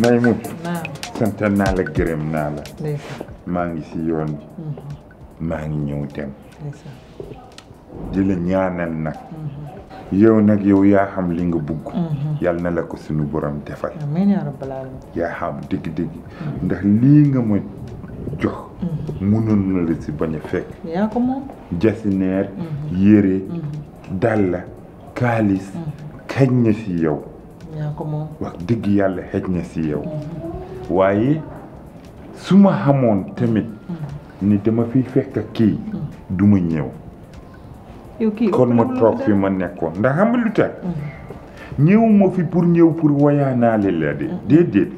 may mun santal naa la gërëm naa la maa ngi si yoon bi mhm. maa ngi ñëw dem di la ñaanal nag mhm. yow nag yow yaa xam li nga bugg mhm. yàlla na la ko sunu borom defal yaa xam dëgg-dëgg ndax lii nga ma jox mënoon na la si bañ a fekk yaa ko moom jasineer yére dàlla kaalis kañ na si yow wax dëgg yàlla xëj na si yow waaye su ma xamoon tamit ni dama fiy fekk kii duma ma ñëw kon ma toog fi ma nekkoon ndax xam nga lu tax ñëwuma fi pour ñëw pour wayaanaale la de déedéet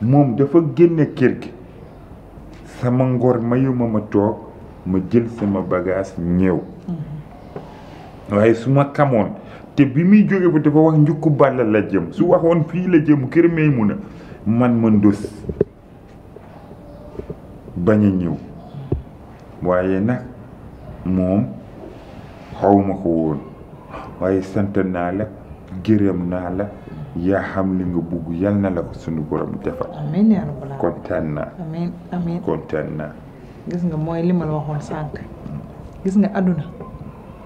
moom dafa génne kër gi sama ngor mayuma ma toog ma jël sama bagage ñëw waaye su ma xamoon te bi muy jóge ba dafa wax njukku Balla la jëm su waxoon fii la jëm kër may mun a man ma ndus bañ a ñëw waaye nag moom xawma ko woon waaye sant naa la gërëm naa la yaa xam li nga bugg yal na la ko sunu borom defal amiin yaa rabbal gis nga mooy li waxoon sànq gis nga àdduna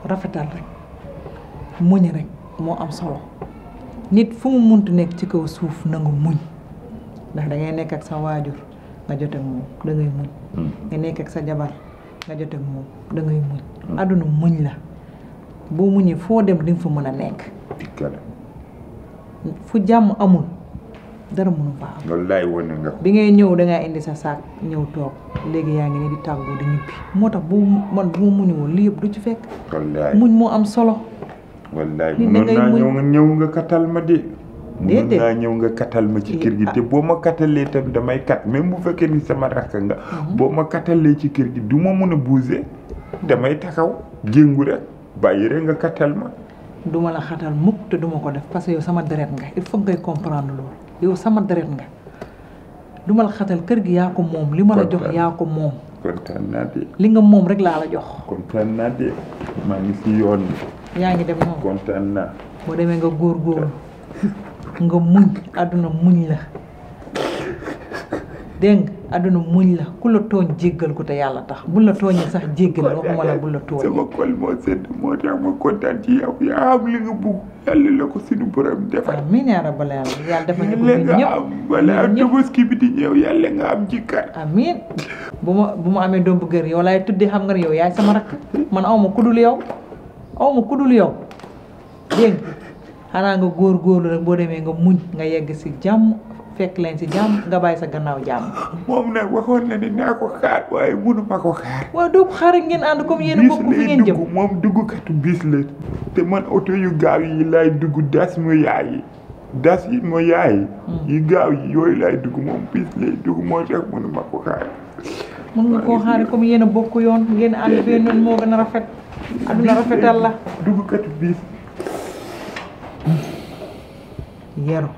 rafetal rek muñ rek moo am solo nit fu mu muntu nekk ci kaw suuf na muñ ndax dangay ngay nekk ak sa waajur nga jot ak moom da muñ mm. nga nekk ak sa jabar nga jot ak moom da mm. muñ la boo muñee foo dem di fu fa mën a nekk fu jàmm amul dara mënu fa am wallaay wane bi ngay ñëw da ngaa indi sa saak ñëw toog léegi yaa ngi ne di tàggoo di ñibbi moo tax bu man bu ma muñu woon lii yëpp du ci fekk muñ moo am solo wallaay mënoon naa ñëw nga ñëw nga katal ma de mënoon naa ñëw nga katal ma ci kër gi ah. te boo ma katalee tam damay kat même bu fekkee ni sama rakk nga mhm. boo ma katalee ci kër gi du ma mën a bouger damay taxaw jéngu rek bàyyi rek nga katal ma duma la xatal mukk te duma ko def parce que yow sama deret nga il faut ngay comprendre loolu yow sama deret nga duma la xatal kër gi yaa ko moom li ma la jox yaa ko moom kontaan naa de li nga moom rek laa la jox kontaan naa de maa ngi si yaa ngi dem moom kontaan naa. demee nga góor nga muñ àdduna muñ la dégg nga àdduna muñ la ku la tooñ jéggal ko te yàlla tax bu la tooñee sax jéggal waxuma la bu la tooñ. sama xol moo sedd moo tax ma kontaan ci yow yaa nga bugg la ko suñu borom defal. amiin yaa nga am balaa tabaski bi di yàlla nga am ci kar. amiin bu ma bu ma amee doom bu gër yow laay tuddee xam nga ne yow yaay sama rakk man awma ku dul yow. aw ma ku yow dégg xanaa nga góor góorlu rek boo demee nga muñ nga yegg si jàmm fekk leen si jàmm nga bàyyi sa gannaaw jàmm. moom nag waxoon na ni naa ko xaar waaye munu ma ko xaar. waaw doo ko ngeen ànd comme yéen bokk ngeen jëm moom duggkatu bis la te man oto yu gaaw yi laay dugg das mu yaay yi hmm. gaaw yi yooyu laay dugg moom bis lay dugg moo tax munu ma ko xaar. mën nga koo xaare comme yéen bokk yoon ngeen ànd benn yoon moo gën a rafet aduna rafetal la dugukatu biis yaru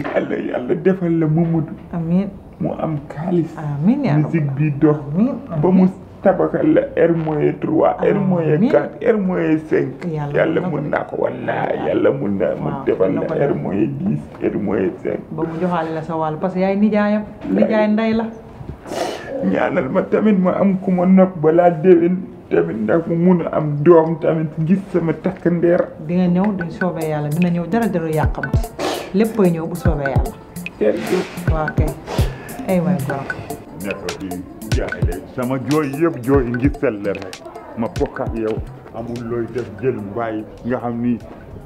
yàlla yàlla defal la Mamadou amiin mu am xaalis amiin bi dox ba mu tabaxal la R moyen trois R moyen cinq yàlla mun naa ko yàlla mun naa mu defal la R moyen dix R moyen cinq ba mu joxaale la sa wàll parce que yaay nijaayam nijaay ndey la ñaanal ma tamit ma am ku ma nopp balaa tamit ndax mu mun am doom tamit gis sama takk ndeer di nga ñëw di soobee yàlla dina ñëw dara dara yàqamti lépp a ñëw bu soobee yàlla jërëjëf waaw kay ay sama jooy yëpp jooy ngi sell yow amul looy def jël mbaay nga xam ni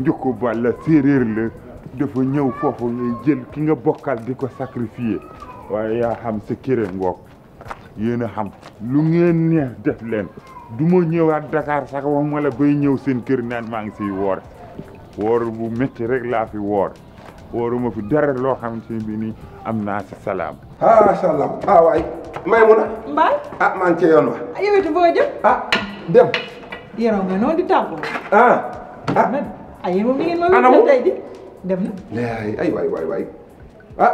njukku balla séeréer la dafa ñëw foofu ngay jël ki nga bokkal di ko sacrifier waaye yaa xam sa këré ngoog yéen a xam lu ngeen neex def leen du ma ñëwaat Dakar sax wax ma la bay ñëw seen kër naan maa ngi siy woor woor bu métti rek laa fi woor wooruma fi dara loo xamante ne bii nii am naa si salaam. macha allah ah waay Maymuna. Mbaye. ah maa ngi cee yoon wa. ah yow it boo jëm. ah dem. yoroo nga noonu di tàggoo. ah ah. ah yéen moom ni ngeen ma wér tey di dem na. ay ay waay waay waay ah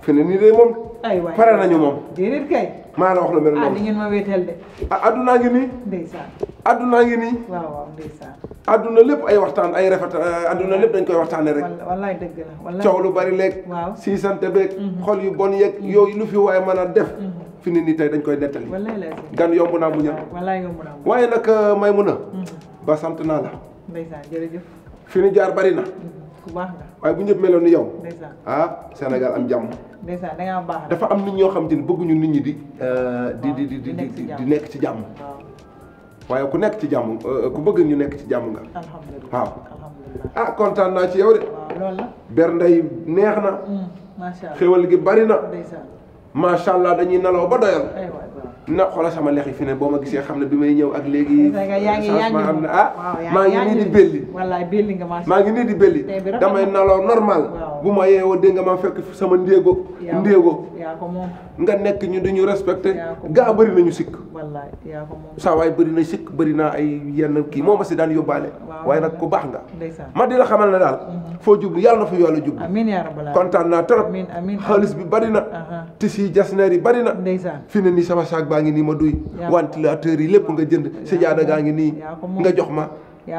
fi ne nii de moom. ay waay pare nañu moom. déedéet kay. maana wax la mel noonu. ah li ngeen ma wéeteel de. ah adduna lah ngi nii. ndeysaan. adduna lah ngi nii. waaw waaw ndeysaan. adduna lépp lah ay waxtaan ay rafet eh, adduna lépp dañ koy waxtaanee rek. wallaay dëgg la wallaay. coow lu bari léeg. waaw siisante beeg. xol mhm. yu bon yeeg. Mhm. yooyu lu fi waay mën a def. Mhm. fi ni nii tey dañ koy nettali. wallaay la gan yomb naa mu ñëw. wallaay yomb naa mu waaye nag maymuna. ba sant naa la. ndeysaan jërëjëf. fi ni jaar bari na. ku waaye bu ñëpp meloon ni yow. ah Sénégal am jàmm. ndeysaan da dafa am nit ñoo xam te ni bëgguñu nit ñi euh, di. di di di di nekk ci jàmm. waaye ku nekk ci jàmm euh, ku bëgg ñu nekk ci jàmm nga. alhamdulilah waaw. ah kontaan naa ci yow de. waaw ndey neex na. Mm, macha gi bari na. macha allah dañuy nalaw ba doyal. na xoolal sama lex yi fi ne boo ma gisee xam ne bi may ñëw ak léegi. changement am na ah. maa ngi nii di belli. wallaay belli nga maa ngi nii di belli. damay naloo normal. bu mooy yeewoo dégg nga ma fekk sama ndéego ndéego nga nekk ñu duñu respecté gaa bari nañu sikk saa waay bëri na sikk bari naa ay yenn kii moo ma si daan yóbbaale waaye nag ku baax nga ma di la xamal na daal mhm. foo jublu yàlla na fa yoola jublu kontaan naa trop xaalis bi bari na tis yi jasneer yi bari na fi ne nii sama saag baa ngi nii ma duy ventilateur yi lépp nga jënd si jaada gaa ngi nii nga jox ma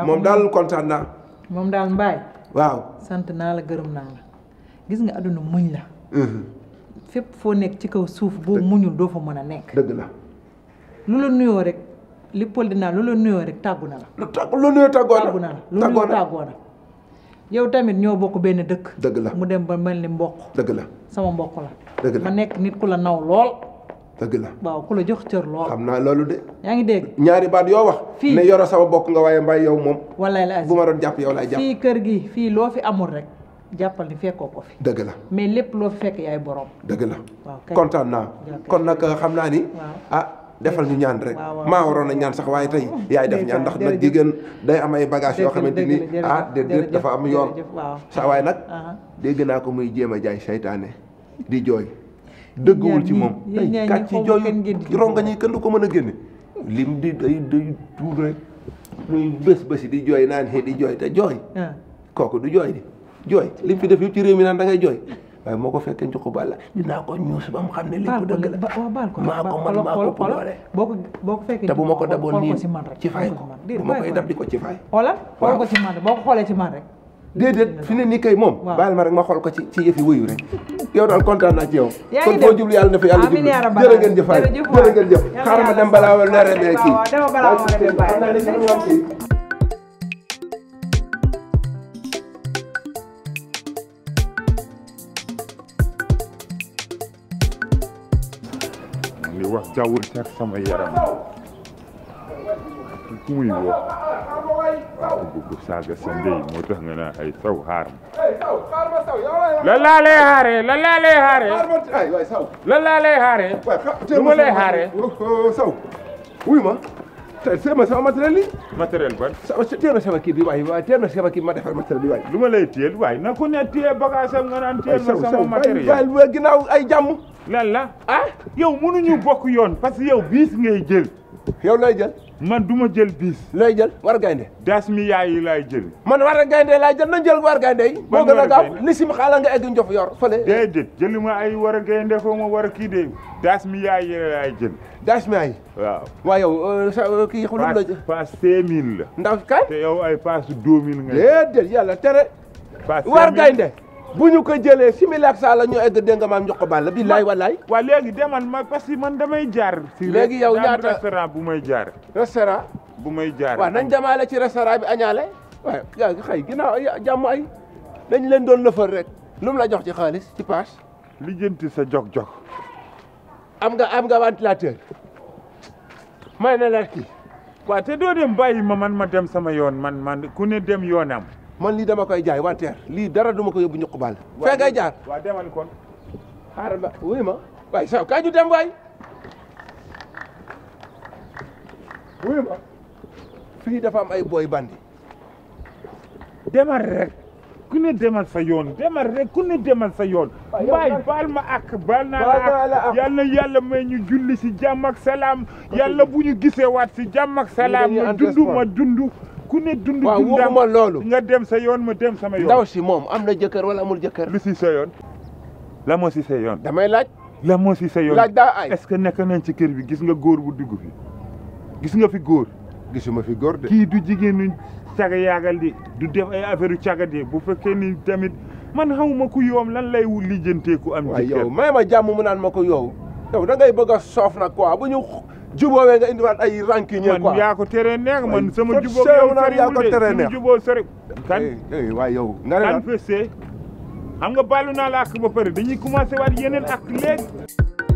moom daal kontaan naa moom daal mbaay waaw sant naa la gërëm naa gis nga àdduna muñ la. Mhm. fépp foo nekk ci kaw suuf boo muñul doo fa mën a nekk. dëgg la lu la nuyoo rek li di naa lu la nuyoo rek tàggu na la. lu tàggu lu nuyoo tàggoo na lu nuyoo tàggoo na yow tamit ñoo bokk benn dëkk. dëgg la mu dem ba mel ni mboq dëgg la sama mboq la. dëgg la ma nekk nit ku la naw lool. dëgg la waaw ku la jox cër lool. xam naa loolu de. yaa ngi dégg ñaari baat yoo wax. fii ne yoro sama bokk nga waaye mbay yow moom. wallaay la bu ma doon jàpp yow laay jàpp. kër gi fii loo fi amul rek. jàppal ni fekkoo ko fi. dëgg la mais lépp loo fekk yaay boroom dëgg la waaw kontaan naa kon nag xam naa ni. ah defal ñu ñaan rek. maa waroon a ñaan sax waaye tey yaay def ñaan ndax nag gën day am ay bagages yoo xamante ni ah dafa am yoon. sa waaye nag. dégg naa ko muy jéem a jaay seytaane di jooy. dëgguwul ci moom ay kàcc ci jooy rongañ kën kenn du ko mën a génne. lim di day day tuur rek muy bés bési di jooy naan xëy di jooy te jooy. Ah. kooku du jooy di. jooy li mu fi def yëpp ci réew mi naan da jooy waaye moo ko fekkee jox Balla dinaa ko ñuus ba mu xam ne lépp dëgg la maa ko man maa ko doole ko ci yëfi wuyu rek yow daal kontaan naa ci yow jublu yàlla na fa yàlla jublu jërë ngeen jëf jërë jëf xaaral dem balaa leere kii wax jaawul ak sama yaram ku lu ma lay xaaree wuy ma te ma sama matériel yi. matériel ban. sama teel na sama kii bi waay waaye teel na sama kii ma defar matériel bi waay. lu ma lay teel waay na ku ne téye bagage am nga naan ma sama matériel waay waay ginnaaw ay jàmm. lan la ah yow mënuñu bokk yoon parce que yow biis ngay jël. yow lay jal man du ma jël biis. looy jël war gaynde. daas mi yaay yi laay jël. man war gaynde laay jël nañ jël war gaynde yi. moo gën a gaaw ni sim xaala nga egg njof yor fële. déedéet jëli ma ay war gaynde foo ma war kii de daas mi yaay yi laay jël. daas mi yaay. waaw waaw yow euh, sa euh, kii xam nga. paas paas cinq mille la. ndax kan. te yow ay paas deux mille nga. déedéet yàlla tere. paas war gaynde. bu ñu ko jëlee simila ak saa la ñu egg dégg nga maam jox ko Balla billaay wallaay. waaw léegi de ma parce que man damay jaar. léegi yow ñaata bu may jaar. restaurant. bu may jaar waaw nañ demaale ci restaurant bi añaale. waaw yaa ngi xëy ginnaaw jàmm ay dañ leen doon lëfal rek lu la jox ci xaalis ci paas. lijjanti sa jog-jog. am nga am nga ventilateur. may na la kii. waaw te doo dem bàyyi ma man ma dem sama yoon man man ku ne dem yoonam. man lii dama koy jaay wanteer lii dara duma ko yóbbu ñu xubaal fee ngay jaar waaw demal kon xaaral ma wuy ma waay saw kaay ñu dem ma fii dafa am ay booy bandi demal rek ku ne demal sa yoon demal rek ku ne demal sa yoon waay baal ma ak baal naa ak yàlla yàlla may ñu julli si jàmm ak salaam yàlla bu ñu gisee waat si jàmm ak salaam ma dund ku ne dund dundam loolu nga dem sa yoon ma dem sama yoon ndaw si moom am na jëkër wala amul jëkkër lu si sa yoon la moo si sa yoon damay laaj la moo si sa yoon laaj daa ay est-ce que nekk nañ ci kër bi gis nga góor bu dugg fi gis nga fi góor gisuma fi góor de kii du jigéenu caga yaagal di du def ay affaire yu caga di bu fekkee ni tamit man xawma ku yoom lan lay lijjantee ku am jëkkër yow may ma jàmm mu naan ma ko yow yow da ngay bëgg a soof nag quoi jubóowee nga indiwaat ay rancunier quoi man yaa ko teree man sama jubóo yow yaa ko teree nekk jubóo sori kan waay yow nga kan feste xam nga bàllu naa la ak ba pare dañuy commencé waat yeneen ak léegi